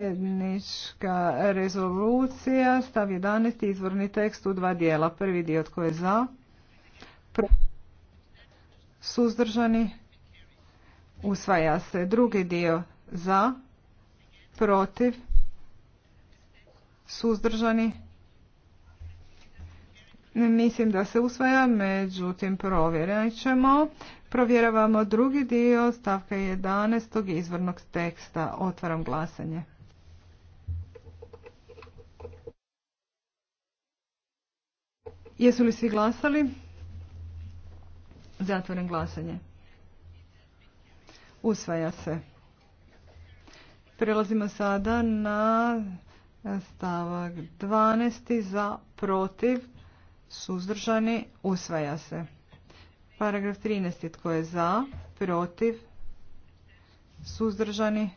Sjednička rezolucija, stav 11. izvorni tekst u dva dijela. Prvi dio tko je za, suzdržani, usvaja se. Drugi dio za, protiv, suzdržani. Mislim da se usvaja, međutim provjerat ćemo. Provjeravamo drugi dio stavka 11. izvornog teksta. Otvaram glasanje. Jesu li svi glasali? Zatvoren glasanje. Usvaja se. Prelazimo sada na stavak 12. za protiv suzdržani usvaja se. Paragraf 13. tko je za protiv suzdržani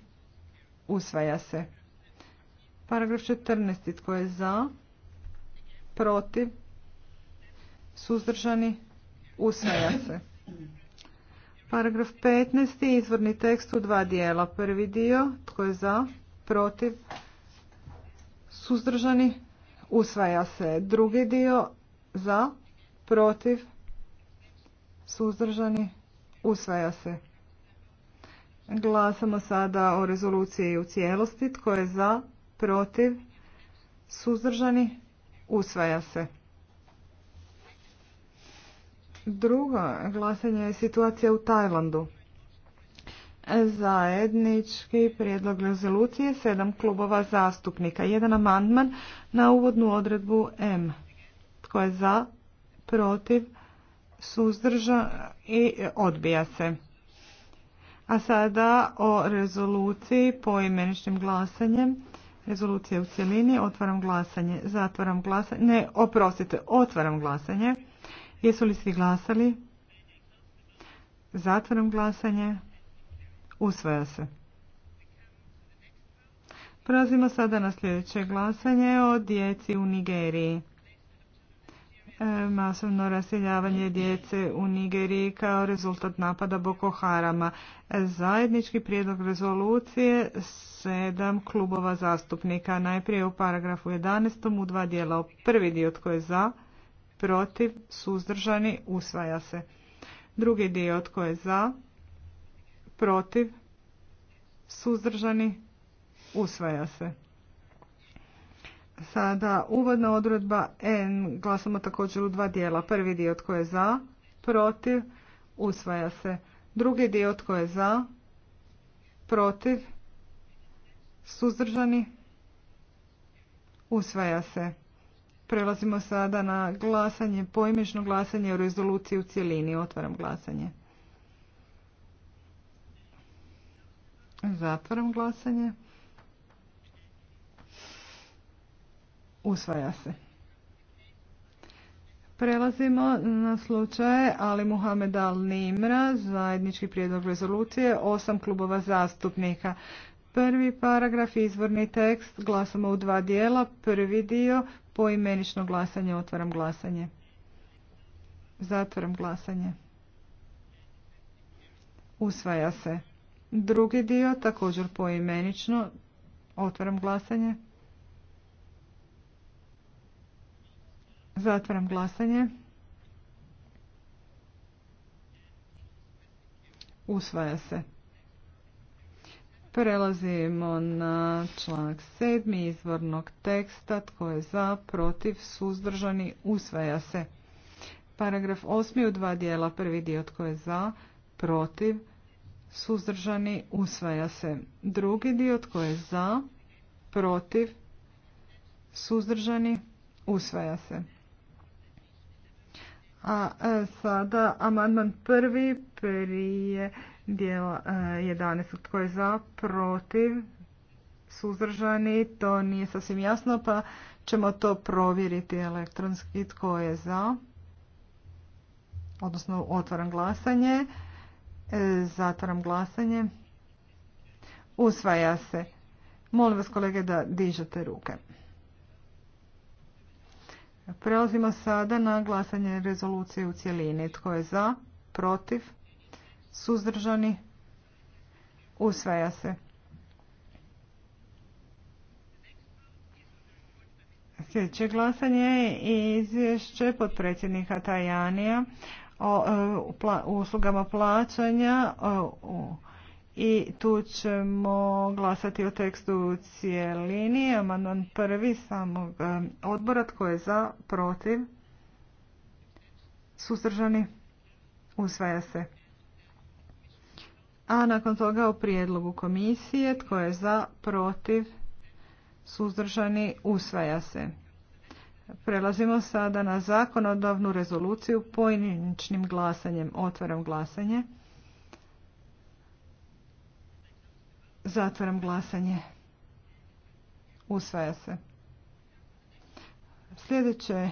usvaja se. Paragraf 14. tko je za protiv suzdržani, usvaja se. Paragraf 15. Izvorni tekst u dva dijela. Prvi dio, tko je za, protiv, suzdržani, usvaja se. Drugi dio, za, protiv, suzdržani, usvaja se. Glasamo sada o rezoluciji u cijelosti. Tko je za, protiv, suzdržani, usvaja se. Drugo glasanje je situacija u Tajlandu. Zajednički prijedlog rezolucije sedam klubova zastupnika. Jedan amandman na uvodnu odredbu M. Tko je za, protiv, suzdrža i odbija se. A sada o rezoluciji poimeničnim glasanjem. Rezolucija u cjelini. Otvaram glasanje. Zatvaram glasanje. Ne, oprostite. Otvaram glasanje. Jesu li svi glasali? Zatvaram glasanje. Usvaja se. Prelazimo sada na sljedeće glasanje o djeci u Nigeriji. E, masovno raseljavanje djece u Nigeriji kao rezultat napada Boko Harama. Zajednički prijedlog rezolucije sedam klubova zastupnika. Najprije u paragrafu 11. u dva dijela. Prvi dio tko je za, protiv, suzdržani, usvaja se. Drugi dio tko je za, protiv, suzdržani, usvaja se. Sada uvodna odredba N glasamo također u dva dijela. Prvi dio tko je za, protiv, usvaja se. Drugi dio tko je za, protiv, suzdržani, usvaja se. Prelazimo sada na glasanje, poimešno glasanje o rezoluciji u cjelini. Otvaram glasanje. Zatvaram glasanje. Usvaja se. Prelazimo na slučaje Ali Muhammed Al Nimra, zajednički prijedlog rezolucije, osam klubova zastupnika. Prvi paragraf, izvorni tekst, glasamo u dva dijela. Prvi dio, Poimenično glasanje, otvaram glasanje. Zatvaram glasanje. Usvaja se. Drugi dio, također poimenično, otvaram glasanje. Zatvaram glasanje. Usvaja se. Prelazimo na članak sedmi izvornog teksta. Tko je za, protiv, suzdržani, usvaja se. Paragraf osmi u dva dijela. Prvi dio tko je za, protiv, suzdržani, usvaja se. Drugi dio tko je za, protiv, suzdržani, usvaja se. A e, sada amandman prvi prije dijela 11. E, Tko je za, protiv, suzdržani, to nije sasvim jasno, pa ćemo to provjeriti elektronski. Tko je za? Odnosno, otvaram glasanje. E, zatvaram glasanje. Usvaja se. Molim vas kolege da dižete ruke. Prelazimo sada na glasanje rezolucije u cjelini. Tko je za? Protiv? suzdržani, usvaja se. Sljedeće glasanje je izvješće potpredsjednika Tajanija o e, uslugama plaćanja e, i tu ćemo glasati o tekstu u cijelini. Amandman prvi samog e, odbora. Tko je za? Protiv? Suzdržani? Usvaja se. A nakon toga o prijedlogu komisije tko je za, protiv, suzdržani, usvaja se. Prelazimo sada na zakonodavnu rezoluciju pojedinačnim glasanjem. Otvaram glasanje. Zatvaram glasanje. Usvaja se. Sljedeće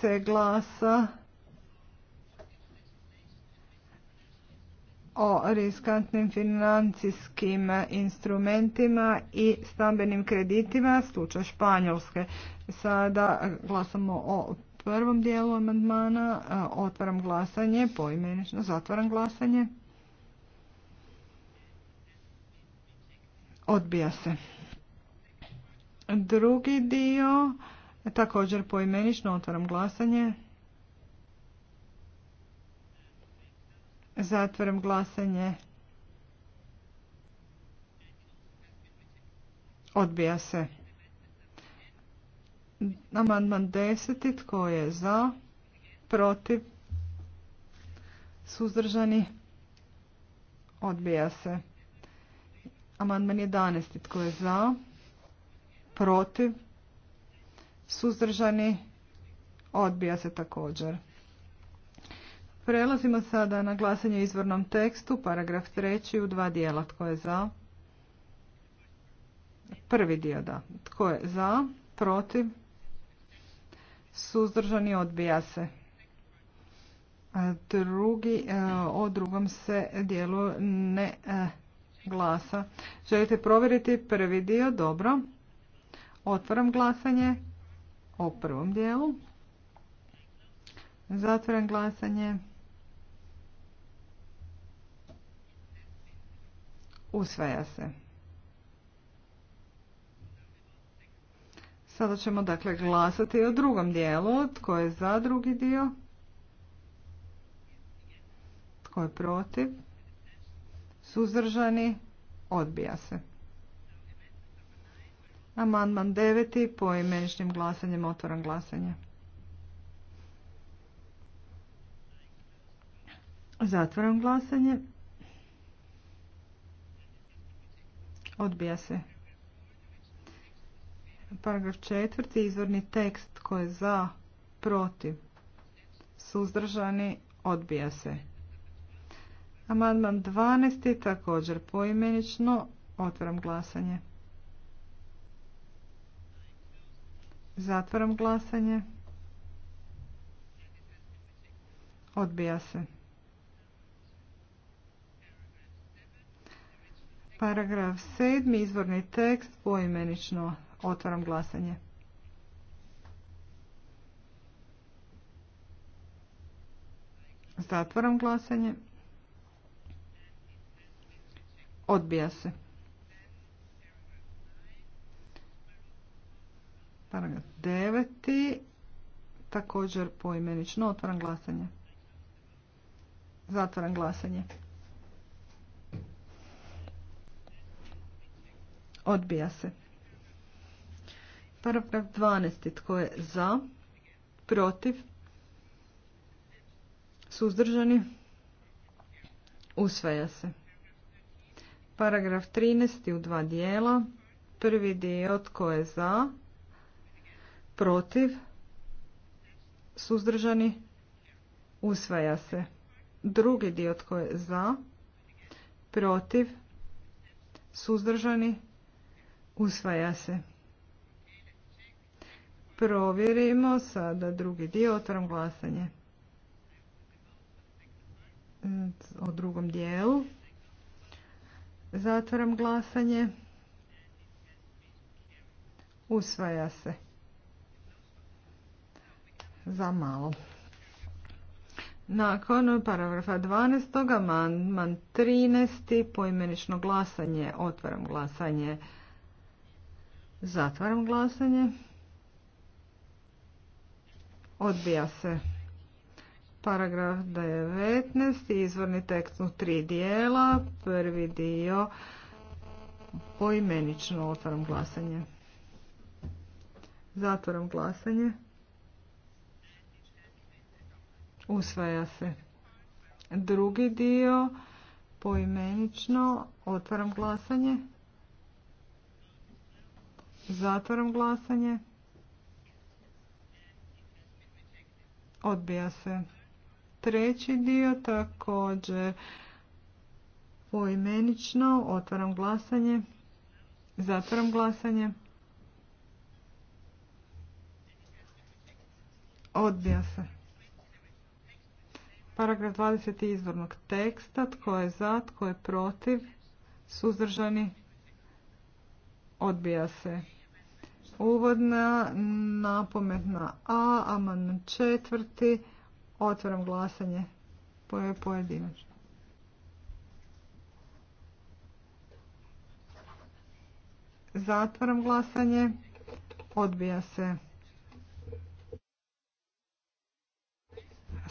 se glasa o riskantnim financijskim instrumentima i stambenim kreditima, slučaj Španjolske. Sada glasamo o prvom dijelu amandmana, otvaram glasanje, poimenično zatvaram glasanje. Odbija se. Drugi dio, također poimenično otvaram glasanje. Zatvaram glasanje. Odbija se. Amandman 10. Tko je za? Protiv? Suzdržani? Odbija se. Amandman 11. Tko je za? Protiv? Suzdržani? Odbija se također. Prelazimo sada na glasanje izvornom tekstu, paragraf treći u dva dijela. Tko je za? Prvi dio da. Tko je za? Protiv? Suzdržani odbija se. Drugi, e, o drugom se dijelu ne e, glasa. Želite provjeriti prvi dio? Dobro. Otvaram glasanje o prvom dijelu. Zatvaram glasanje. Usvaja se. Sada ćemo dakle glasati o drugom dijelu. Tko je za drugi dio? Tko je protiv? Suzdržani? Odbija se. Amandman 9. Po glasanjem otvoram glasanje. Zatvoram glasanje. Odbija se. Paragraf četvrti, izvorni tekst koji je za, protiv, suzdržani, odbija se. Amandman 12. također poimenično. Otvaram glasanje. Zatvaram glasanje. Odbija se. Paragraf 7. Izvorni tekst poimenično. Otvaram glasanje. Zatvaram glasanje. Odbija se. Paragraf 9. Također poimenično. Otvaram glasanje. Zatvaram glasanje. Odbija se. Paragraf 12. Tko je za? Protiv? Suzdržani? Usvaja se. Paragraf 13. u dva dijela. Prvi dio tko je za? Protiv? Suzdržani? Usvaja se. Drugi dio tko je za? Protiv? Suzdržani? Usvaja se. Provjerimo sada drugi dio. Otvaram glasanje. O drugom dijelu. Zatvaram glasanje. Usvaja se. Za malo. Nakon paragrafa 12. Man 13. poimenično glasanje. Otvaram glasanje. Zatvaram glasanje. Odbija se paragraf 19, izvorni tekst u tri dijela, prvi dio poimenično otvaram glasanje. Zatvaram glasanje. Usvaja se. Drugi dio poimenično otvaram glasanje. Zatvaram glasanje. Odbija se. Treći dio također poimenično. Otvaram glasanje. Zatvaram glasanje. Odbija se. Paragraf 20. izvornog teksta. Tko je za, tko je protiv, suzdržani. Odbija se. Uvodna napometna A, amandman četvrti. Otvaram glasanje pojedinačno. Zatvaram glasanje. Odbija se.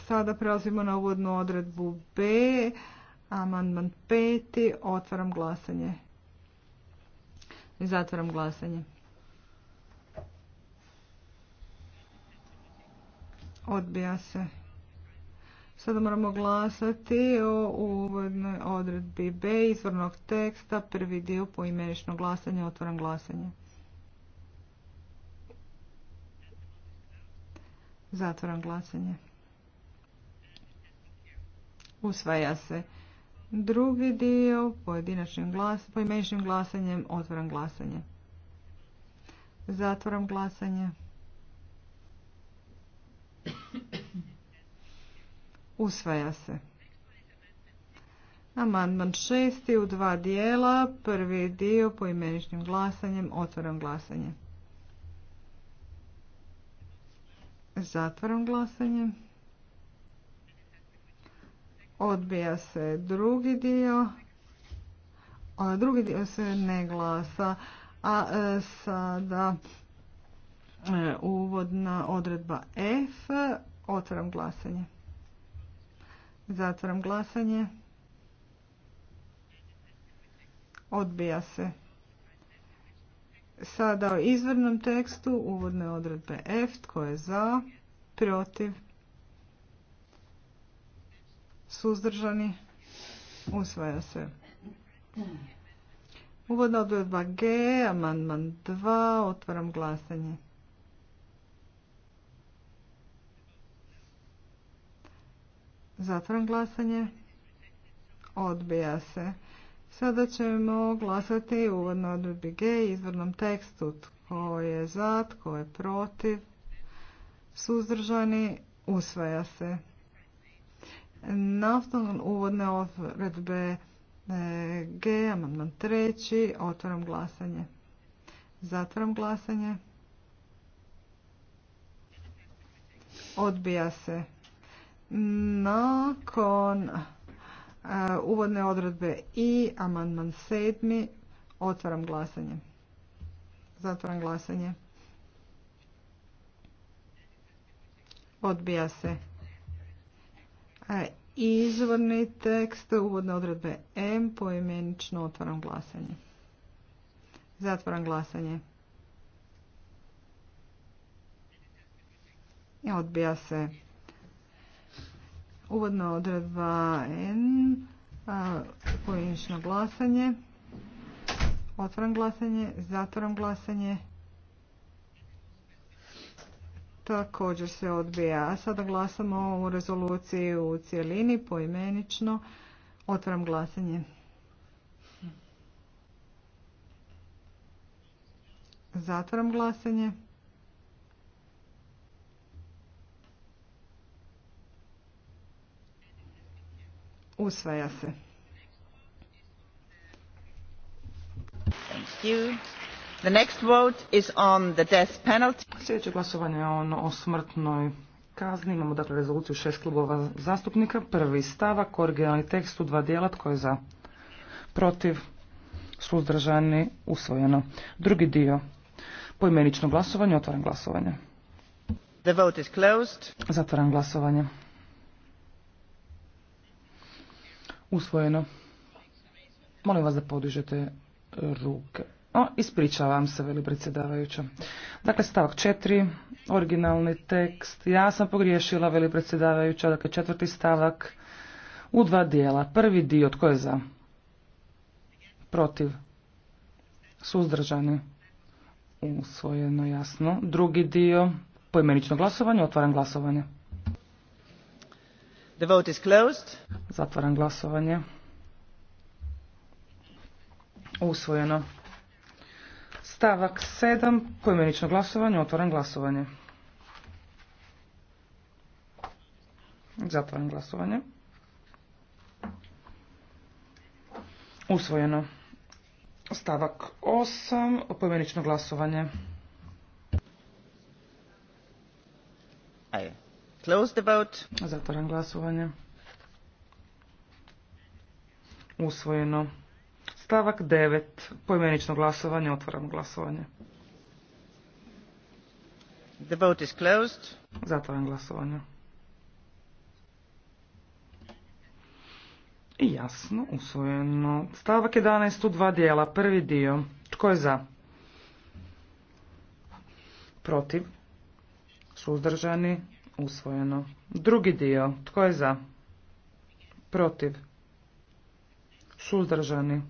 Sada prelazimo na uvodnu odredbu B. Amandman peti. Otvaram glasanje. Zatvaram glasanje. Odbija se. Sada moramo glasati o uvodnoj odredbi B izvornog teksta, prvi dio poimenično glasanje, otvoram glasanje. Zatvoram glasanje. Usvaja se. Drugi dio pojedinačnim glas, poimeničnim glasanjem, otvoram glasanje. Zatvoram glasanje. Usvaja se. Amandman šesti u dva dijela. Prvi dio po imeničnim glasanjem. Otvaram glasanje. Zatvaram glasanje. Odbija se drugi dio. A drugi dio se ne glasa. A e, sada e, uvodna odredba F. Otvaram glasanje. Zatvaram glasanje. Odbija se. Sada o izvrnom tekstu uvodne odredbe F. koje je za? Protiv? Suzdržani? Usvaja se. Uvodna odredba G. Amandman 2. Otvaram glasanje. Zatvoram glasanje. Odbija se. Sada ćemo glasati uvodno od G. izvornom tekstu. Tko je za, tko je protiv, suzdržani, usvaja se. Na uvodne odredbe e, G, amandman treći, otvaram glasanje. Zatvaram glasanje. Odbija se. Nakon uh, uvodne odredbe i amandman sedmi otvaram glasanje. Zatvaram glasanje. Odbija se. Uh, izvorni tekst uvodne odredbe M poimenično otvaram glasanje. Zatvaram glasanje. Odbija se. Uvodna odredba N, pojenično glasanje, otvoram glasanje, zatvoram glasanje, također se odbija. A sada glasamo u rezoluciji u cijelini, poimenično, otvoram glasanje. Zatvoram glasanje. usvaja se. on Sljedeće glasovanje je ono o smrtnoj kazni. Imamo dakle rezoluciju šest klubova zastupnika. Prvi stavak, originalni tekst u dva dijela, tko je za protiv, suzdržani, usvojeno. Drugi dio, poimenično glasovanje, otvaram glasovanje. The glasovanje. Usvojeno. Molim vas da podižete ruke. O, ispričavam se, veli predsjedavajuća. Dakle, stavak četiri, originalni tekst. Ja sam pogriješila, veli predsjedavajuća. Dakle, četvrti stavak u dva dijela. Prvi dio, tko je za? Protiv. Suzdržani. Usvojeno, jasno. Drugi dio, poimenično glasovanje, otvaram glasovanje. Zatvaram glasovanje. Usvojeno. Stavak 7. Poimenično glasovanje. Otvaram glasovanje. Zatvaram glasovanje. Usvojeno. Stavak 8. Poimenično glasovanje. Ajde glasovanje. Usvojeno. Stavak 9. Poimenično glasovanje. Otvaram glasovanje. The vote is Zatvaram glasovanje. I jasno, usvojeno. Stavak 11 u dva dijela. Prvi dio. Tko je za? Protiv. Suzdržani usvojeno. Drugi dio, tko je za? Protiv. Suzdržani.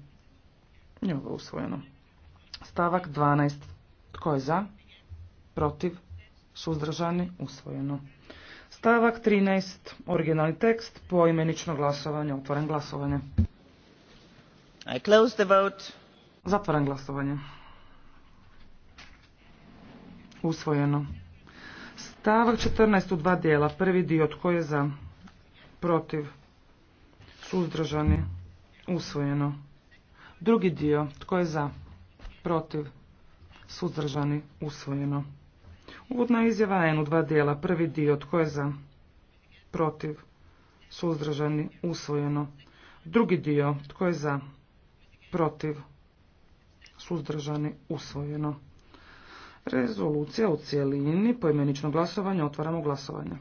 ovo usvojeno. Stavak 12. Tko je za? Protiv. Suzdržani. Usvojeno. Stavak 13. Originalni tekst. Poimenično glasovanje. Otvoren glasovanje. I close the vote. Zatvoren glasovanje. Usvojeno. Stavak 14 u dva dijela. Prvi dio tko je za, protiv, suzdržani, usvojeno. Drugi dio tko je za, protiv, suzdržani, usvojeno. Uvodna izjava N u dva dijela. Prvi dio tko je za, protiv, suzdržani, usvojeno. Drugi dio tko je za, protiv, suzdržani, usvojeno. Rezolucija u cijelini, poimenično glasovanje, otvaramo glasovanje.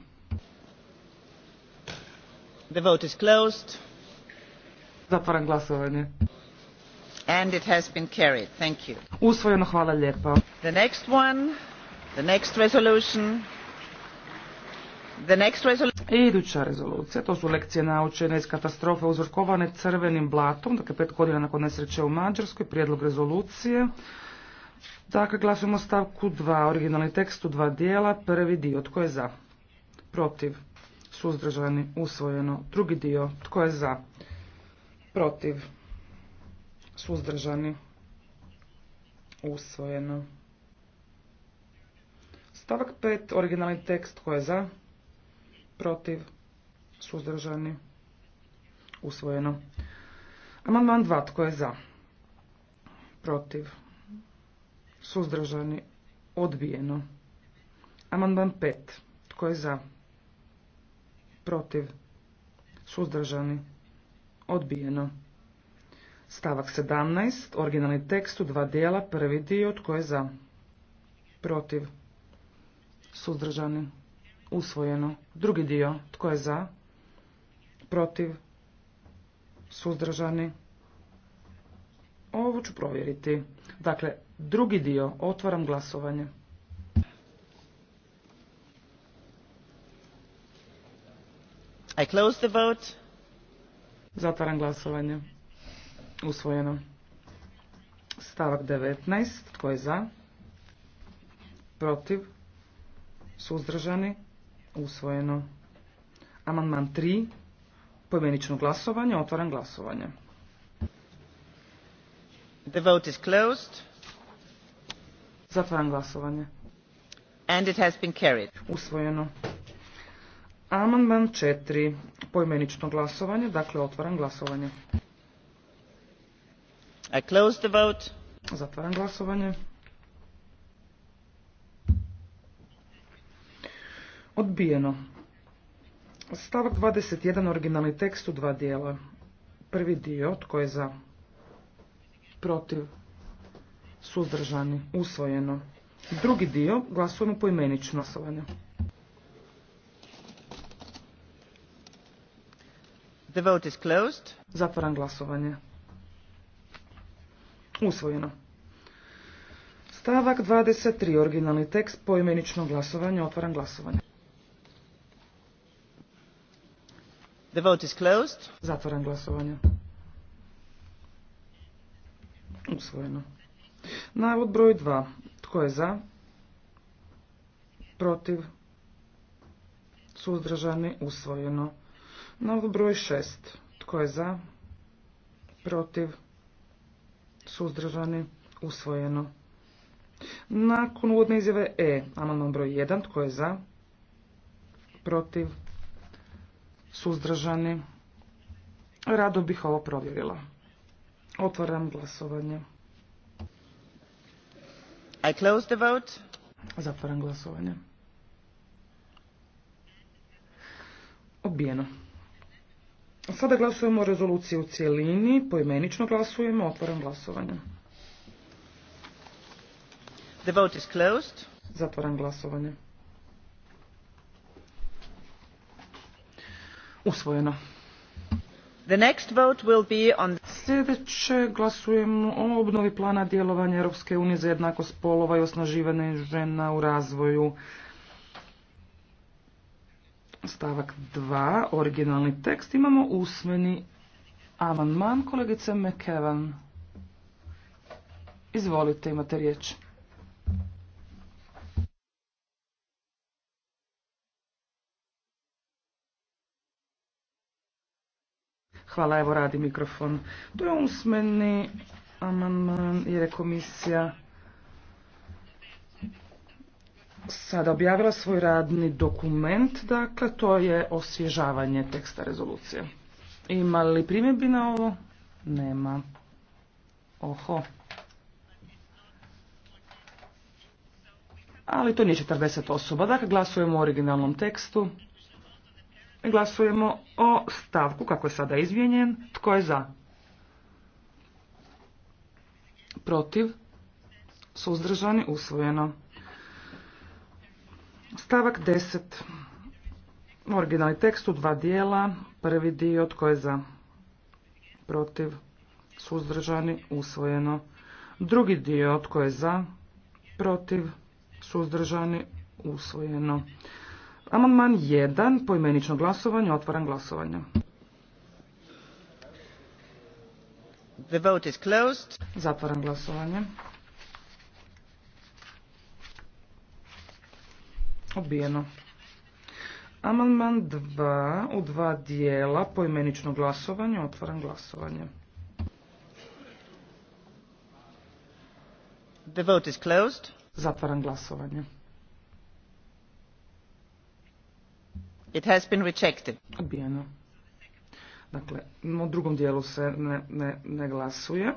The vote is closed. Zatvaram glasovanje. And it has been carried. Thank you. Usvojeno, hvala lijepa. The next one, the next resolution. The next I iduća rezolucija, to su lekcije naučene iz katastrofe uzrokovane crvenim blatom, dakle pet godina nakon nesreće u Mađarskoj, prijedlog rezolucije. Dakle, glasujemo stavku 2, originalni tekst u dva dijela, prvi dio, tko je za? Protiv, suzdržani, usvojeno. Drugi dio, tko je za? Protiv, suzdržani, usvojeno. Stavak 5, originalni tekst, tko je za? Protiv, suzdržani, usvojeno. Amandman 2, tko je za? Protiv, suzdržani, odbijeno. Amandman 5. Tko je za? Protiv, suzdržani, odbijeno. Stavak 17. Originalni tekst u dva dijela. Prvi dio. Tko je za? Protiv, suzdržani, usvojeno. Drugi dio. Tko je za? Protiv, suzdržani, ovo ću provjeriti. Dakle, Drugi dio, otvaram glasovanje. I close the vote. Zatvaram glasovanje. Usvojeno. Stavak 19. Tko je za? Protiv? Suzdržani? Usvojeno. Amandman 3. Pojmenično glasovanje. Otvaram glasovanje. The vote is closed. Zatvaram glasovanje. And it has been carried. Usvojeno. Amandman 4. Pojmenično glasovanje. Dakle, otvaram glasovanje. I close the vote. Zatvaram glasovanje. Odbijeno. Stavak 21. Originalni tekst u dva dijela. Prvi dio, tko je za? Protiv? suzdržani, usvojeno. Drugi dio glasujemo poimenično glasovanje. The vote Zatvaram glasovanje. Usvojeno. Stavak 23. Originalni tekst poimenično glasovanje. Otvaram glasovanje. The vote is closed. Zatvaram glasovanje. Usvojeno. Navod broj 2. Tko je za? Protiv? Suzdržani? Usvojeno. Navod broj 6. Tko je za? Protiv? Suzdržani? Usvojeno. Nakon uvodne izjave E, amandman broj 1, tko je za? Protiv? Suzdržani? Rado bih ovo provjerila. Otvaram glasovanje. Zatvaram glasovanje. Odbijeno. Sada glasujemo o rezoluciji u cjelini. poimenično glasujemo, otvaram glasovanje. The vote is closed. Zatvaram glasovanje. Usvojeno next Sljedeće glasujemo o obnovi plana djelovanja Europske unije za jednakost spolova i osnaživanje žena u razvoju. Stavak 2, originalni tekst. Imamo usmeni amandman kolegice McEvan. Izvolite, imate riječ. Hvala, evo radi mikrofon. To je usmeni amandman jer je komisija sada objavila svoj radni dokument, dakle to je osvježavanje teksta rezolucije. Ima li primjedbi na ovo? Nema. Oho. Ali to nije 40 osoba, dakle glasujemo o originalnom tekstu. Glasujemo o stavku kako je sada izmijenjen. Tko je za? Protiv? Suzdržani? Usvojeno. Stavak 10. Originalni tekst u dva dijela. Prvi dio tko je za? Protiv? Suzdržani? Usvojeno. Drugi dio tko je za? Protiv? Suzdržani? Usvojeno. Amandman 1, poimenično glasovanje, otvaram glasovanje. The vote is closed. Zatvaram glasovanje. Obijeno. Amandman 2 u dva dijela poimenično glasovanje, otvaram glasovanje. The vote is closed. Zatvaram glasovanje. It has been rejected. Odbijeno. Dakle, u drugom dijelu se ne, ne, ne glasuje.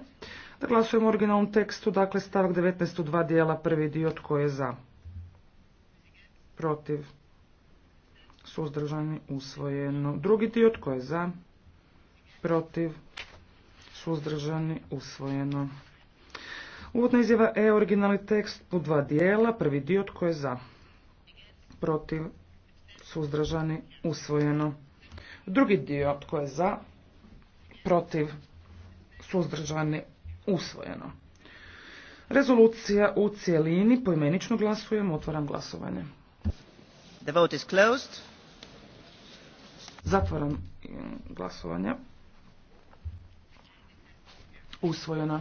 Da glasujemo u originalnom tekstu, dakle stavak 19 u dva dijela, prvi dio tko je za, protiv, suzdržani, usvojeno. Drugi dio tko je za, protiv, suzdržani, usvojeno. Uvodna izjava E, originalni tekst u dva dijela, prvi dio tko je za, protiv, suzdržani, usvojeno. Drugi dio, tko je za, protiv, suzdržani, usvojeno. Rezolucija u cijelini, pojmenično glasujemo, otvaram glasovanje. The vote is closed. Zatvaram mm, glasovanje. Usvojena.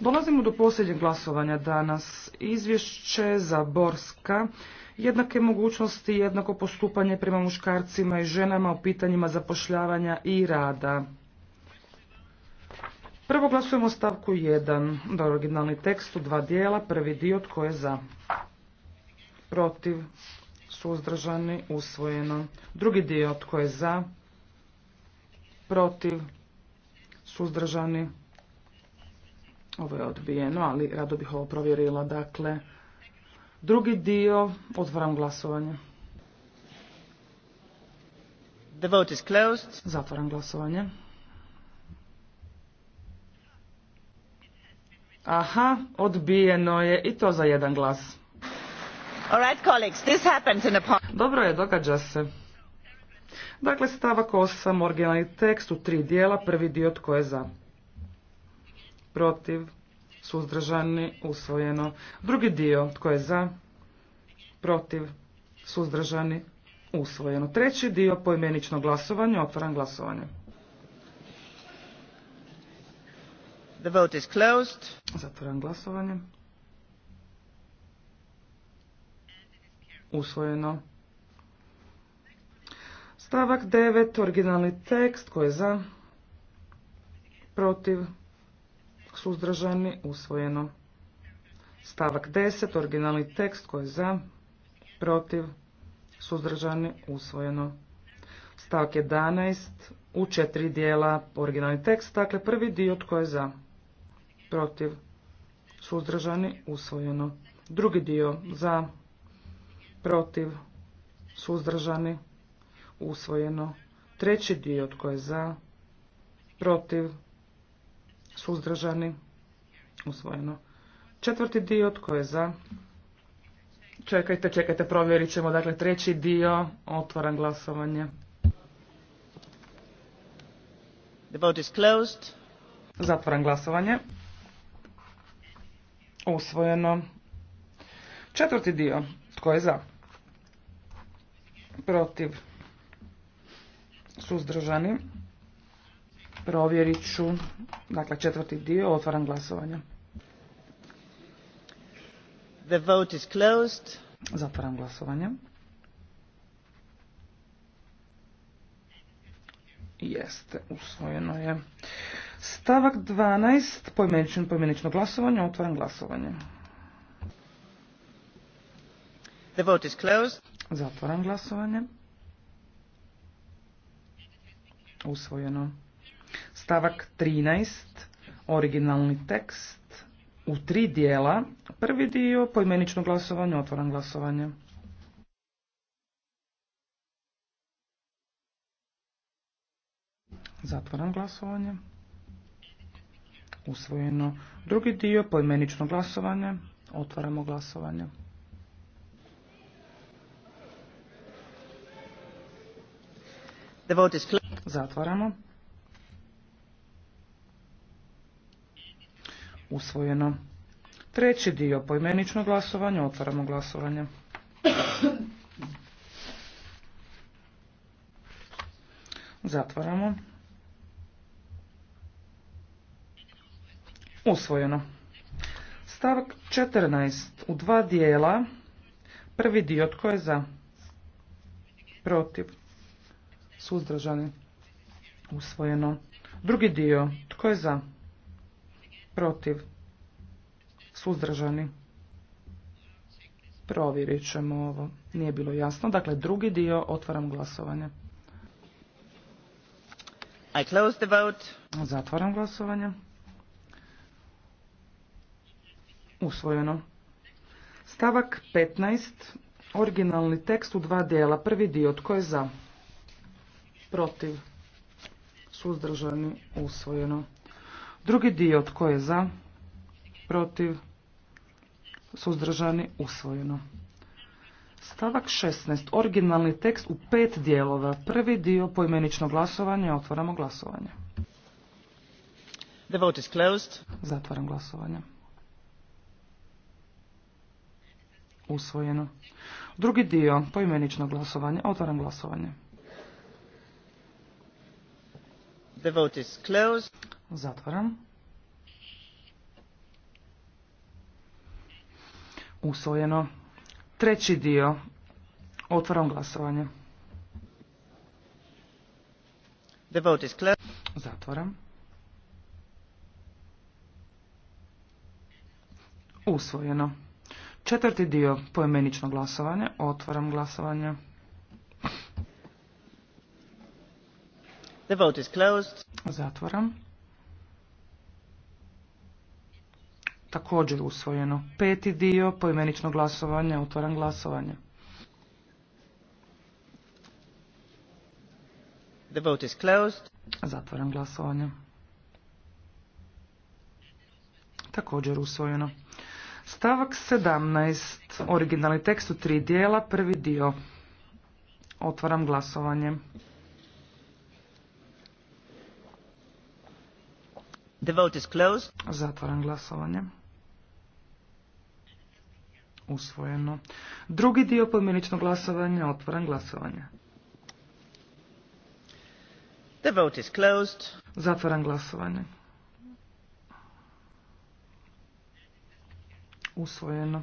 Dolazimo do posljednjeg glasovanja danas. Izvješće za Borska jednake mogućnosti i jednako postupanje prema muškarcima i ženama u pitanjima zapošljavanja i rada. Prvo glasujemo stavku 1, da originalni tekst u dva dijela, prvi dio tko je za, protiv, suzdržani, usvojeno. Drugi dio tko je za, protiv, suzdržani, ovo je odbijeno, ali rado bih ovo provjerila, dakle, Drugi dio, otvaram glasovanje. The vote is closed. Zatvaram glasovanje. Aha, odbijeno je i to za jedan glas. All right, colleagues, this happens in a... Dobro je, događa se. Dakle, stavak 8, originalni tekst u tri dijela, prvi dio tko je za. Protiv suzdržani, usvojeno. Drugi dio, tko je za, protiv, suzdržani, usvojeno. Treći dio, poimenično glasovanje, otvaram glasovanje. The vote is closed. Zatvaram glasovanje. Usvojeno. Stavak 9, originalni tekst, tko je za, protiv, suzdržani, usvojeno. Stavak 10, originalni tekst, koji je za, protiv, suzdržani, usvojeno. Stavak 11, u četiri dijela, originalni tekst, dakle prvi dio, tko je za, protiv, suzdržani, usvojeno. Drugi dio, za, protiv, suzdržani, usvojeno. Treći dio, tko je za, protiv, suzdržani, usvojeno. Četvrti dio, tko je za? Čekajte, čekajte, provjerit ćemo. Dakle, treći dio, otvoran glasovanje. The is closed. Zatvaram glasovanje. Usvojeno. Četvrti dio, tko je za? Protiv. Suzdržani. Provjerit ću. Dakle, četvrti dio. Otvaram glasovanje. The vote is closed. Zatvaram glasovanje. Jeste, usvojeno je. Stavak 12, pojmenično, pojmenično glasovanje, otvaram glasovanje. The vote is closed. Zatvaram glasovanje. Usvojeno. Stavak 13. Originalni tekst u tri dijela. Prvi dio poimenično glasovanje, otvoran glasovanje. Zatvoran glasovanje. Usvojeno. Drugi dio, poimenično glasovanje. Otvaramo glasovanje. Zatvaramo. usvojeno. Treći dio poimenično glasovanje, otvaramo glasovanje. Zatvaramo. Usvojeno. Stavak 14 u dva dijela. Prvi dio tko je za? Protiv. Suzdržani. Usvojeno. Drugi dio tko je za? protiv, suzdržani. Provjerit ćemo ovo. Nije bilo jasno. Dakle, drugi dio, otvaram glasovanje. I Zatvaram glasovanje. Usvojeno. Stavak 15. Originalni tekst u dva dijela. Prvi dio, tko je za? Protiv. Suzdržani. Usvojeno. Drugi dio tko je za, protiv, suzdržani, usvojeno. Stavak 16. Originalni tekst u pet dijelova. Prvi dio poimenično glasovanje. Otvaramo glasovanje. The is Zatvaram glasovanje. Usvojeno. Drugi dio poimenično glasovanje. Otvaram glasovanje. Zatvaram. Usvojeno. Treći dio. Otvaram glasovanje. The vote is closed. Zatvaram. Usvojeno. Četvrti dio poimenično glasovanje. Otvaram glasovanje. The vote is closed. Zatvaram. također usvojeno. Peti dio, poimenično glasovanje, otvaram glasovanje. The vote is closed. Zatvaram glasovanje. Također usvojeno. Stavak 17. Originalni tekst u tri dijela, prvi dio. Otvaram glasovanje. The vote is closed. Zatvaram glasovanje usvojeno. Drugi dio pojmenično glasovanje, otvoran glasovanje. The vote is closed. Zatvaram glasovanje. Usvojeno.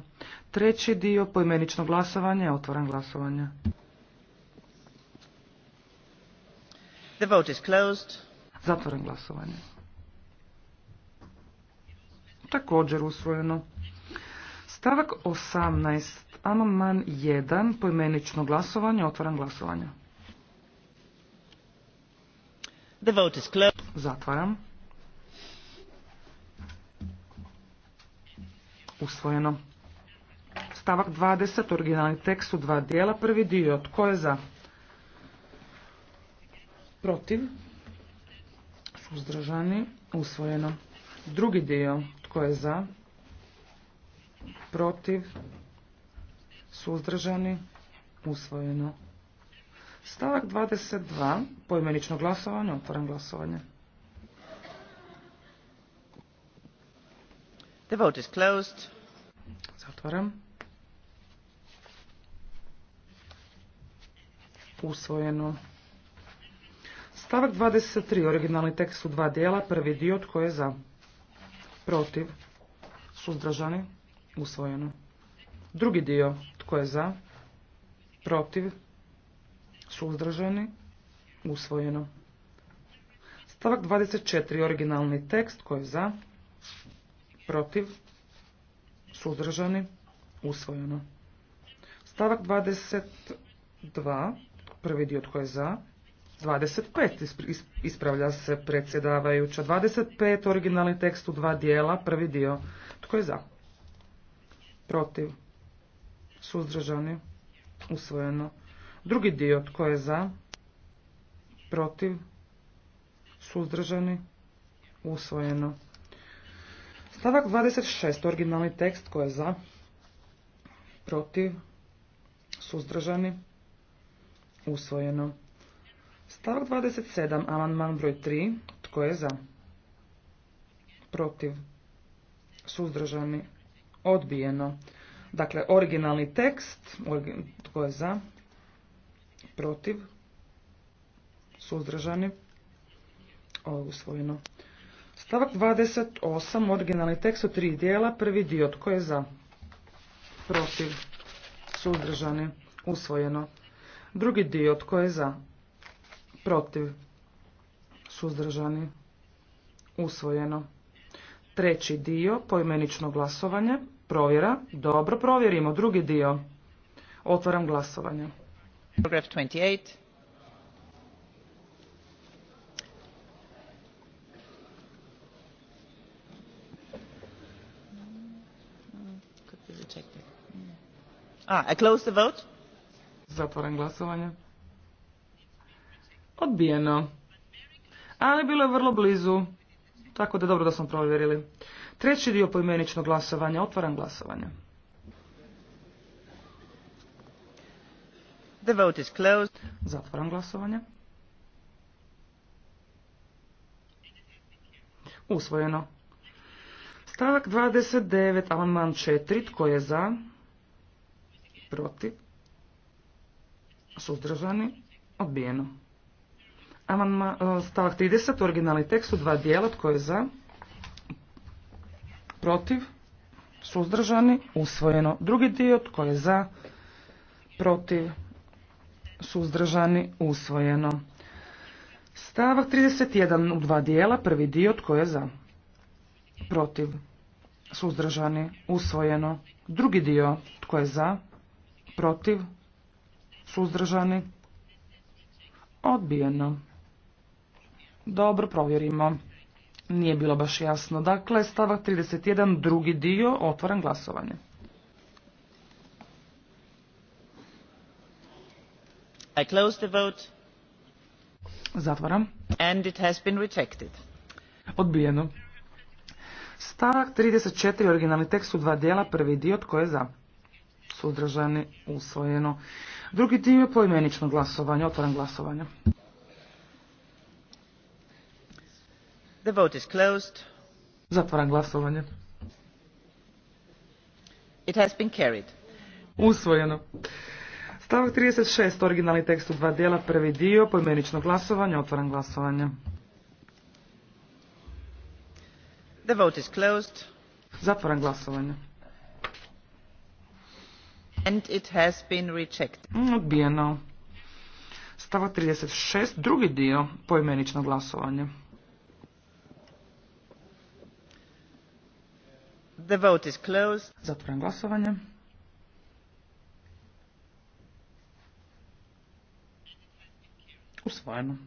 Treći dio poimenično glasovanje, otvoran glasovanje. The vote is closed. glasovanje. Također usvojeno. Stavak 18. Amandman 1. Pojmenično glasovanje. Otvaram glasovanje. The vote Zatvaram. Usvojeno. Stavak 20. Originalni tekst u dva dijela. Prvi dio. Tko je za? Protiv. Suzdržani. Usvojeno. Drugi dio. Tko je za? protiv, suzdržani, usvojeno. Stavak 22, pojmenično glasovanje, otvoren glasovanje. The vote is closed. Usvojeno. Stavak 23, originalni tekst u dva dijela, prvi dio tko je za, protiv, suzdržani, Usvojeno. Drugi dio. Tko je za? Protiv? Suzdržani? Usvojeno. Stavak 24. Originalni tekst. Tko je za? Protiv? Suzdržani? Usvojeno. Stavak 22. Prvi dio. Tko je za? 25. Ispravlja se predsjedavajuća. 25. Originalni tekst u dva dijela. Prvi dio. Tko je za? protiv, suzdržani, usvojeno. Drugi dio, tko je za, protiv, suzdržani, usvojeno. Stavak 26, originalni tekst, tko je za, protiv, suzdržani, usvojeno. Stavak 27, amandman broj 3, tko je za, protiv, suzdržani, Odbijeno. Dakle, originalni tekst. Tko je za? Protiv? Suzdržani? Usvojeno. Stavak 28. Originalni tekst u tri dijela. Prvi dio. Tko je za? Protiv? Suzdržani? Usvojeno. Drugi dio. Tko je za? Protiv? Suzdržani? Usvojeno. Treći dio, poimenično glasovanje. Provjera. Dobro, provjerimo. Drugi dio. Otvaram glasovanje. Paragraf 28. Ah, glasovanje. Odbijeno. Ali bilo je vrlo blizu. Tako da dobro da smo provjerili. Treći dio pojmeničnog glasovanja. Otvaram glasovanje. The vote is closed. Zatvaram glasovanje. Usvojeno. Stavak 29, amandman 4, tko je za? Protiv? Suzdržani? Odbijeno. E, stavak 30, originalni tekst u dva dijela, tko je za? protiv, suzdržani, usvojeno. Drugi dio, tko je za, protiv, suzdržani, usvojeno. Stavak 31 u dva dijela, prvi dio, tko je za, protiv, suzdržani, usvojeno. Drugi dio, tko je za, protiv, suzdržani, odbijeno. Dobro, provjerimo. Nije bilo baš jasno. Dakle, stavak 31, drugi dio, otvoran glasovanje. I close the vote. Zatvaram. And it has been rejected. Odbijeno. Stavak 34, originalni tekst u dva dijela, prvi dio, tko je za? Suzdržani, usvojeno. Drugi dio je poimenično glasovanje, otvoran glasovanje. The vote Zatvaram glasovanje. It has been carried. Usvojeno. Stavak 36, originalni tekst u dva dijela, prvi dio, pojmenično glasovanje, otvaram glasovanje. The vote glasovanje. And it has mm, Odbijeno. Stavak 36, drugi dio, pojmenično glasovanje. The vote is Zatvoram glasovanje. Usvojeno.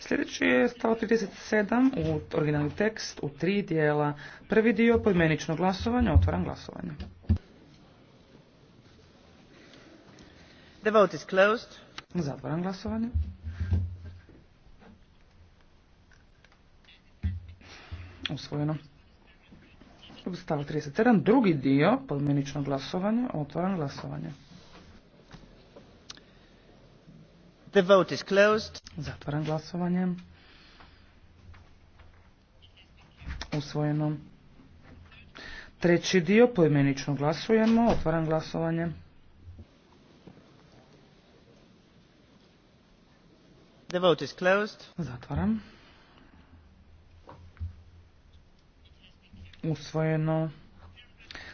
Sljedeći je stav 37 u originalni tekst u tri dijela. Prvi dio poimenično glasovanje, otvaram glasovanje. The vote is closed. Zatvaram glasovanje. Usvojeno. Stavak 37. Drugi dio, podmjenično glasovanje, otvaram glasovanje. The vote is closed. Zatvaram glasovanje. Usvojeno. Treći dio, poimenično glasujemo, otvaram glasovanje. The vote is closed. Zatvaram. Usvojeno.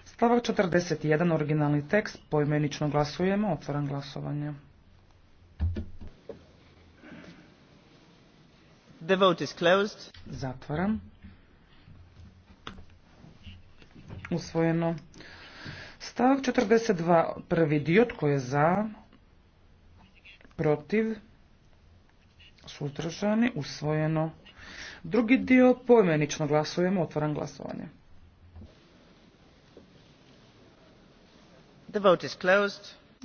Stavak 41, originalni tekst, poimenično glasujemo, otvaram glasovanje. The vote closed. Zatvaram. Usvojeno. Stavak 42, prvi dio, tko je za, protiv, suzdržani, usvojeno. Drugi dio, poimenično glasujemo, otvaram glasovanje.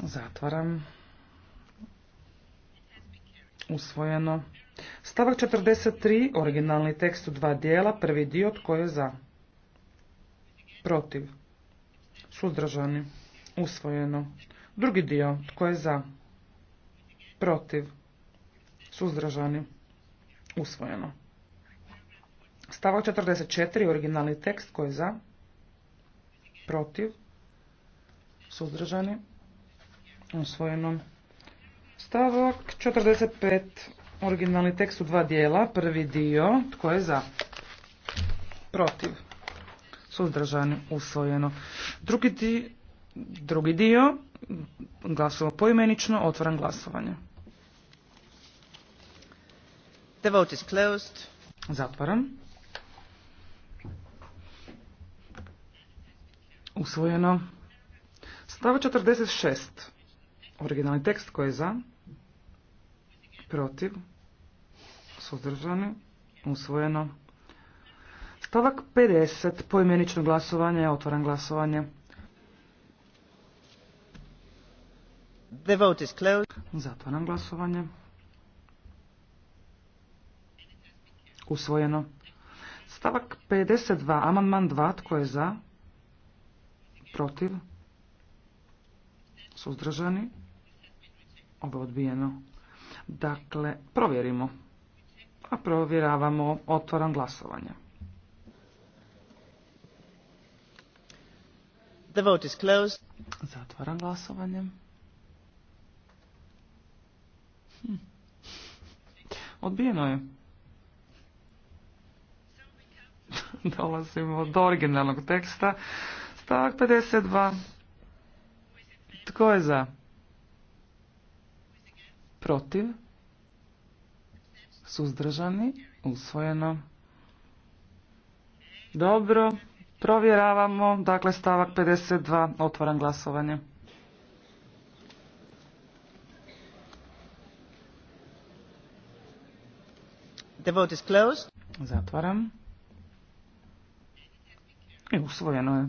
Zatvaram. Usvojeno. Stavak 43, originalni tekst u dva dijela, prvi dio tko je za? Protiv. Suzdržani. Usvojeno. Drugi dio tko je za? Protiv. Suzdržani. Usvojeno. Stavak 44, originalni tekst tko je za? Protiv suzdržani, svojenom Stavak 45, originalni tekst u dva dijela, prvi dio, tko je za, protiv, suzdržani, usvojeno. Drugi, di, drugi dio, glasovo poimenično, otvoran glasovanje. The vote closed. Zatvaram. Usvojeno četrdeset 46. Originalni tekst koji je za, protiv, suzdržani, usvojeno. Stavak 50. Poimenično glasovanje, otvoran glasovanje. The vote Zatvaram glasovanje. Usvojeno. Stavak 52. Amandman 2. Tko je za? Protiv? Suzdržani? Ovo je odbijeno. Dakle, provjerimo. A provjeravamo otvoran glasovanje. The vote is closed. Zatvaram glasovanje. Hm. Odbijeno je. Dolazimo do originalnog teksta. Stavak 52. Tko je za? Protiv? Suzdržani? Usvojeno. Dobro. Provjeravamo. Dakle, stavak 52. Otvaram glasovanje. The vote is closed. Zatvaram. I usvojeno je.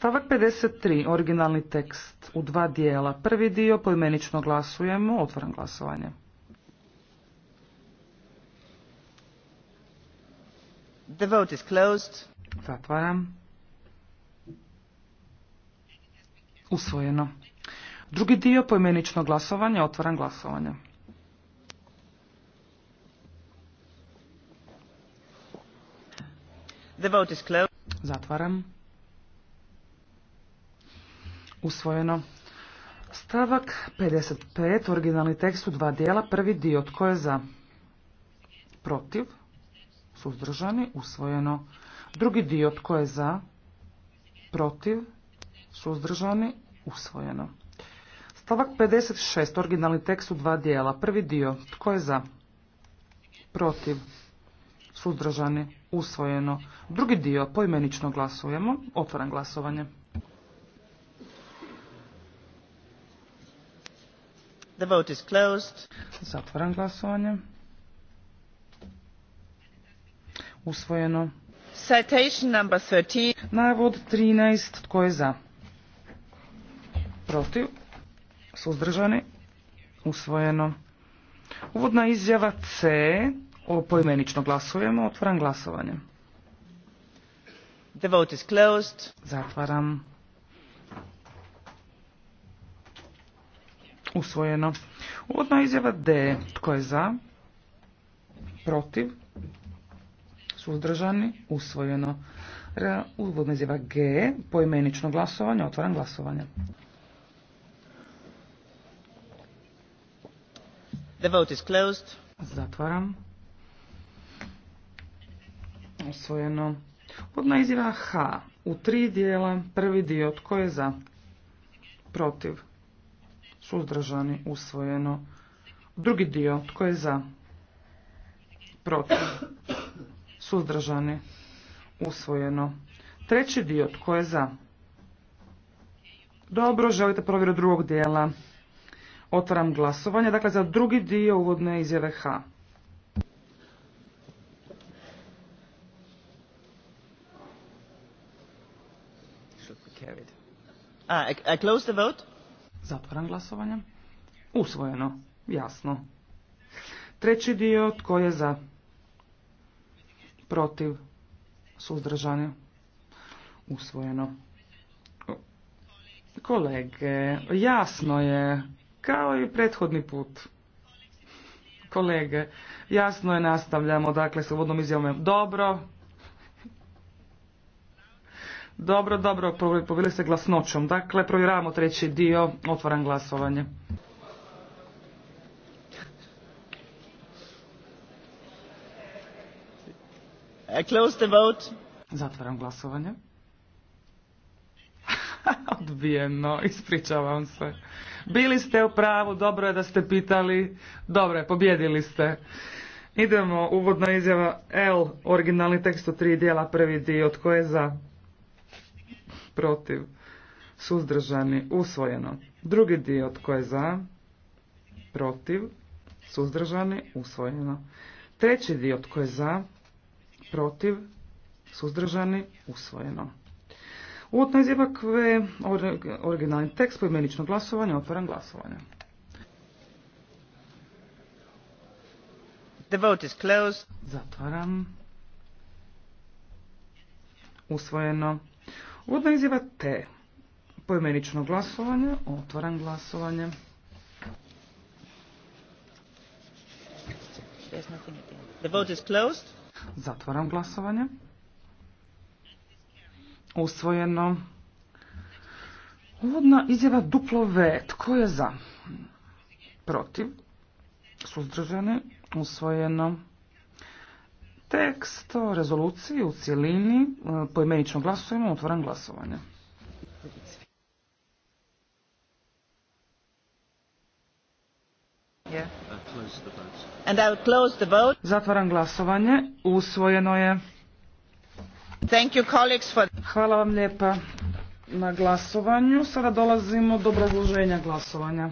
Stavak 53, originalni tekst u dva dijela. Prvi dio poimenično glasujemo, otvaram glasovanje. The vote is closed. Zatvaram. Usvojeno. Drugi dio poimenično glasovanje, otvaram glasovanje. The vote is closed. Zatvaram. Usvojeno. Stavak 55, originalni tekst u dva dijela, prvi dio, tko je za? Protiv, suzdržani, usvojeno. Drugi dio, tko je za? Protiv, suzdržani, usvojeno. Stavak 56, originalni tekst u dva dijela, prvi dio, tko je za? Protiv, suzdržani, usvojeno. Drugi dio, poimenično glasujemo, otvoran glasovanje. The vote Zatvaram glasovanje. Usvojeno. Citation number 13. Navod 13. Tko je za? Protiv? Suzdržani? Usvojeno. Uvodna izjava C. O poimenično glasujemo. Otvaram glasovanje. The vote Zatvaram. Usvojeno. Uvodna izjava D. Tko je za? Protiv? Suzdržani? Usvojeno. Uvodna izjava G. Poimenično glasovanje. Otvaram glasovanje. The vote is closed. Zatvaram. Usvojeno. Uvodna izjava H. U tri dijela. Prvi dio. Tko je za? Protiv? suzdržani, usvojeno. Drugi dio, tko je za? Protiv, suzdržani, usvojeno. Treći dio, tko je za? Dobro, želite provjeru drugog dijela. Otvaram glasovanje, dakle za drugi dio uvodne izjave H. Ah, I, I close the vote. Zatvaram glasovanje. Usvojeno. Jasno. Treći dio, tko je za? Protiv. Suzdržanje. Usvojeno. Kolege, jasno je, kao i prethodni put. Kolege, jasno je, nastavljamo, dakle, uvodnom izjavom dobro, dobro, dobro, povijeli se glasnoćom. Dakle, provjeravamo treći dio, otvaram glasovanje. I Zatvaram glasovanje. Odbijeno, ispričavam se. Bili ste u pravu, dobro je da ste pitali. Dobro je, pobjedili ste. Idemo, uvodna izjava L, originalni tekst od tri dijela, prvi dio, tko je za? protiv, suzdržani, usvojeno. Drugi dio tko je za, protiv, suzdržani, usvojeno. Treći dio tko je za, protiv, suzdržani, usvojeno. Uvodno izjebakve, originalni tekst, poimenično glasovanje, otvaram glasovanje. The vote is closed. Zatvaram. Usvojeno. Uvodna izjava T. Pojmenično glasovanje, otvoran glasovanje. The Zatvaram glasovanje. Usvojeno. Uvodna izjava duplo V. Tko je za? Protiv? Suzdržani? Usvojeno tekst o rezoluciji u cjelini e, poimenično glasujemo, otvaram glasovanje. And Zatvaram glasovanje. Usvojeno je. Thank you colleagues Hvala vam lijepa na glasovanju. Sada dolazimo do obrazloženja glasovanja.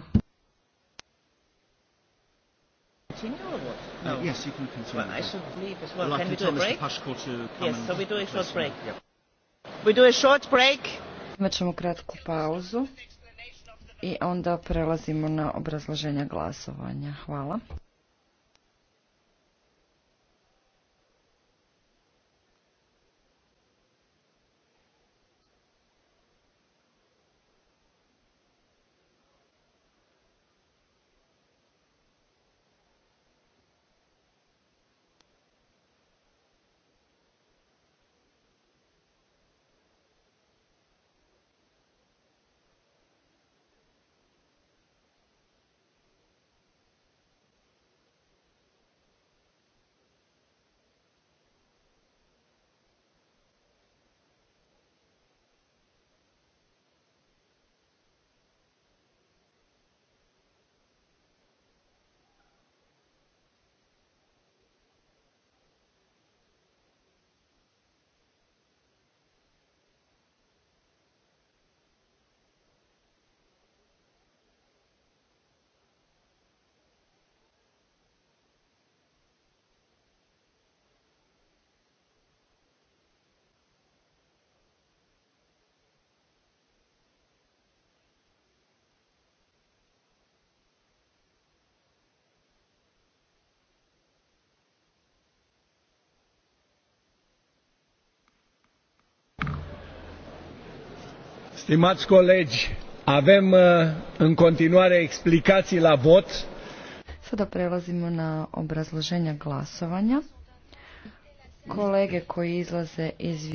Uh, yes, you can continue. Well, I should leave as well. well can, can we do a break? To yes, so we do a short break. Yep. We do a short break. Imat ćemo kratku pauzu i onda prelazimo na obrazloženja glasovanja. Hvala. Stimați colegi, avem uh, în continuare explicații la vot. Sada prelazimo na obrazloženja glasovanja. Kolege koji izlaze iz